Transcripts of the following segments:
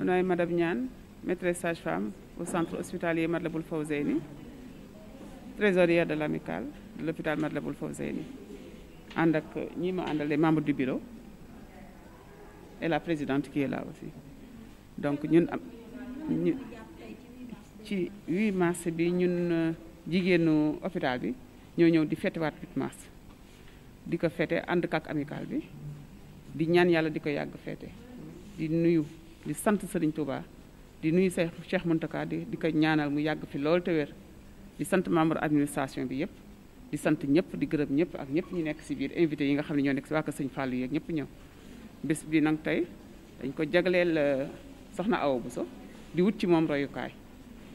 man maay madame Niane maîtresse sage-femme au centre hospitalier Matlaboul Fawzeyni trésorière de l'amicale de l'hôpital Matlaboul Fawzeyni ànd ak ñii ma àndal les membres du bureau et la présidente ki est là aussi donc ñun am ñu ci 8 mars bi ñun euh, jigéenu hôpital bi ñoo ñëw di fetewaat 8 mars di ko fete ànd ak amicale bi di ñaan yàlla di ko yàgg fete di nuyu di sant Serigne Touba di nuyu Cheikh Cheikh Mountakha di di ko ñaanal mu yàgg fi lool te wér di sant membre administration bi yëpp di sant ñëpp di gërëm ñëpp ak ñëpp ñu nekk si biir invité yi nga xam ne ñoo nekk si waa Kër Serigne Fallou yeeg ñëpp ñëw bés bi nag tey dañ ko jagleel euh, soxna Awa Bousso di wut ci moom reyukaay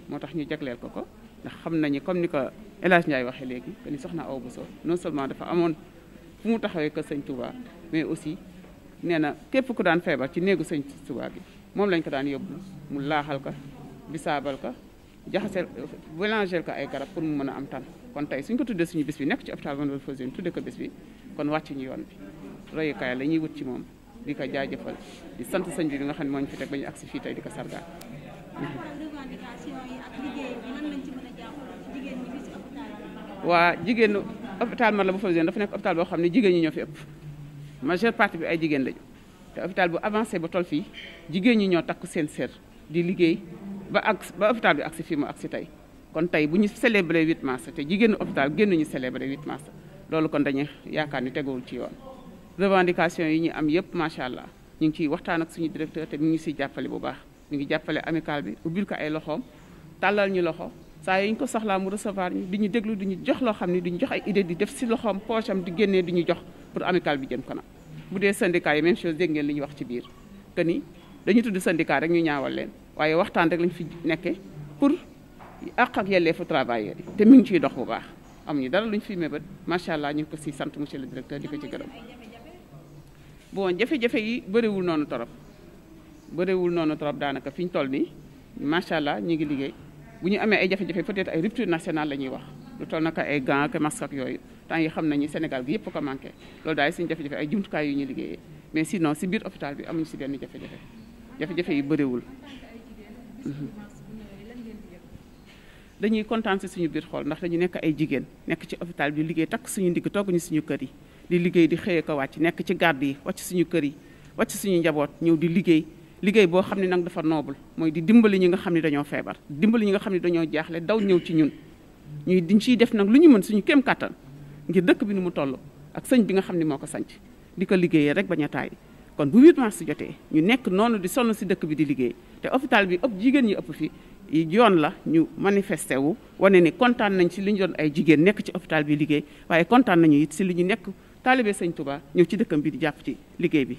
moo tax ñu jagleel ko ko ndax xam nañu comme ni ko El Hadj Ndiaye waxee léegi que ni soxna Awa so non seulement dafa amoon fu mu taxawee ko Serigne Touba mais aussi nee na képp ku daan feebar ci néegu Serigne Touba bi moom lañ ko daan yóbbu mu laaxal ko bisaabal ko jaxaseel mélangeel ko ay garab pour mu mën a am tan kon tey suñ ko tuddee suñu bis bi nekk ci hôpital Matlaboul Fawzeyni tuddee ko bis bi kon wàcc ñu yoon bi royukaay la ñuy wut ci moom di ko jaajëfal di sant sëñ bi bi nga xam ne moo ñu fi ba ñu agsi fii tey di ko sargaal. waa jigéenu hôpital Matlaboul Fawzeyni dafa nekk hôpital boo xam ne jigéen ñi ñoo fi ëpp majeure partie bi ay jigéen lañu. te hôpital bu avancé ba tol fii jigéen ñi ñoo takk seen sër di liggéey ba ak ba hôpital bi ak si fii mu ak si tey kon tey bu ñu célébré 8 mars te jigéenu hôpital génn ñu célébré 8 mars loolu kon dañuy yaakaar ni teguwul ci yoon revendication yi ñu am yëpp macha allah ñu ngi ciy waxtaan ak suñu directeur te mi ngi siy jàppale bu baax mu ngi jàppale amical bi ubbil ko ay loxoom tàllal ñu loxo saa yi ñu ko soxlaa mu recevoir ñu di ñu déglu di ñu jox loo xam ne di ñu jox ay idée di def si loxoom poche am di génnee di ñu jox pour amical bi jëm kanam bu dee syndicat yi même chose dégg ngeen li ñu wax ci biir que ni dañu tudd syndicat rek ñu ñaawal leen waaye waxtaan rek lañu fi nekkee pour àq ak yelleefu travailleurs yi te mi ngi ciy dox bu baax am amuñu dara luñ fi mébét macha allah ñu ngi ko si sant monsieur le directeur di ko ci gërëm bon jafe-jafe yi bëriwul noonu torop bëriwul noonu torop daanaka fi ñu toll nii macha allah ñu ngi liggéey bu ñu amee ay jafe-jafe peut-être ay rupture nationale la ñuy wax lu toll naka ay gants ak masque yooyu temps yi xam nañu Sénégal gi yëpp ko manqué loolu daal suñu jafe-jafe ay jumtukaay yu ñuy liggéeyee mais sinon si biir bi amuñu si benn jafe-jafe jafe-jafe yu bëriwul. Mhm. dañuy kontaan suñu biir xool ndax dañu nekk ay jigéen nekk ci hôpital bi liggéey takk suñu ndigg togguñu suñu kër yi di liggéey di xëyee ko wàcc nekk ci garde yi wàcc suñu kër yi wàcc suñu njaboot ñëw di liggéey liggéey boo xam ne nag dafa noobul mooy di dimbali ñi nga xam ne dañoo feebar dimbali ñi nga xam ne dañoo jaaxle daw ñëw ci ñun ñuy diñ ciy def nag lu ñu mën suñu kéem kàttan ngir dëkk bi nu mu toll ak sëñ bi nga xam ne moo ko sanc di ko liggéeyee rek bañ a taay kon bu 8 si jotee ñu nekk noonu di sonn si dëkk bi di liggéey te hôpital bi ëpp jigéen ñi ëpp fi yoon la ñu manifesté wu wane ni kontaan nañ ci li ñu doon ay jigéen nekk ci hôpital bi liggéey waaye kontaan nañu it si li ñu nekk taalibe sëñ Touba ñëw ci dëkkam bi di jàpp ci liggéey bi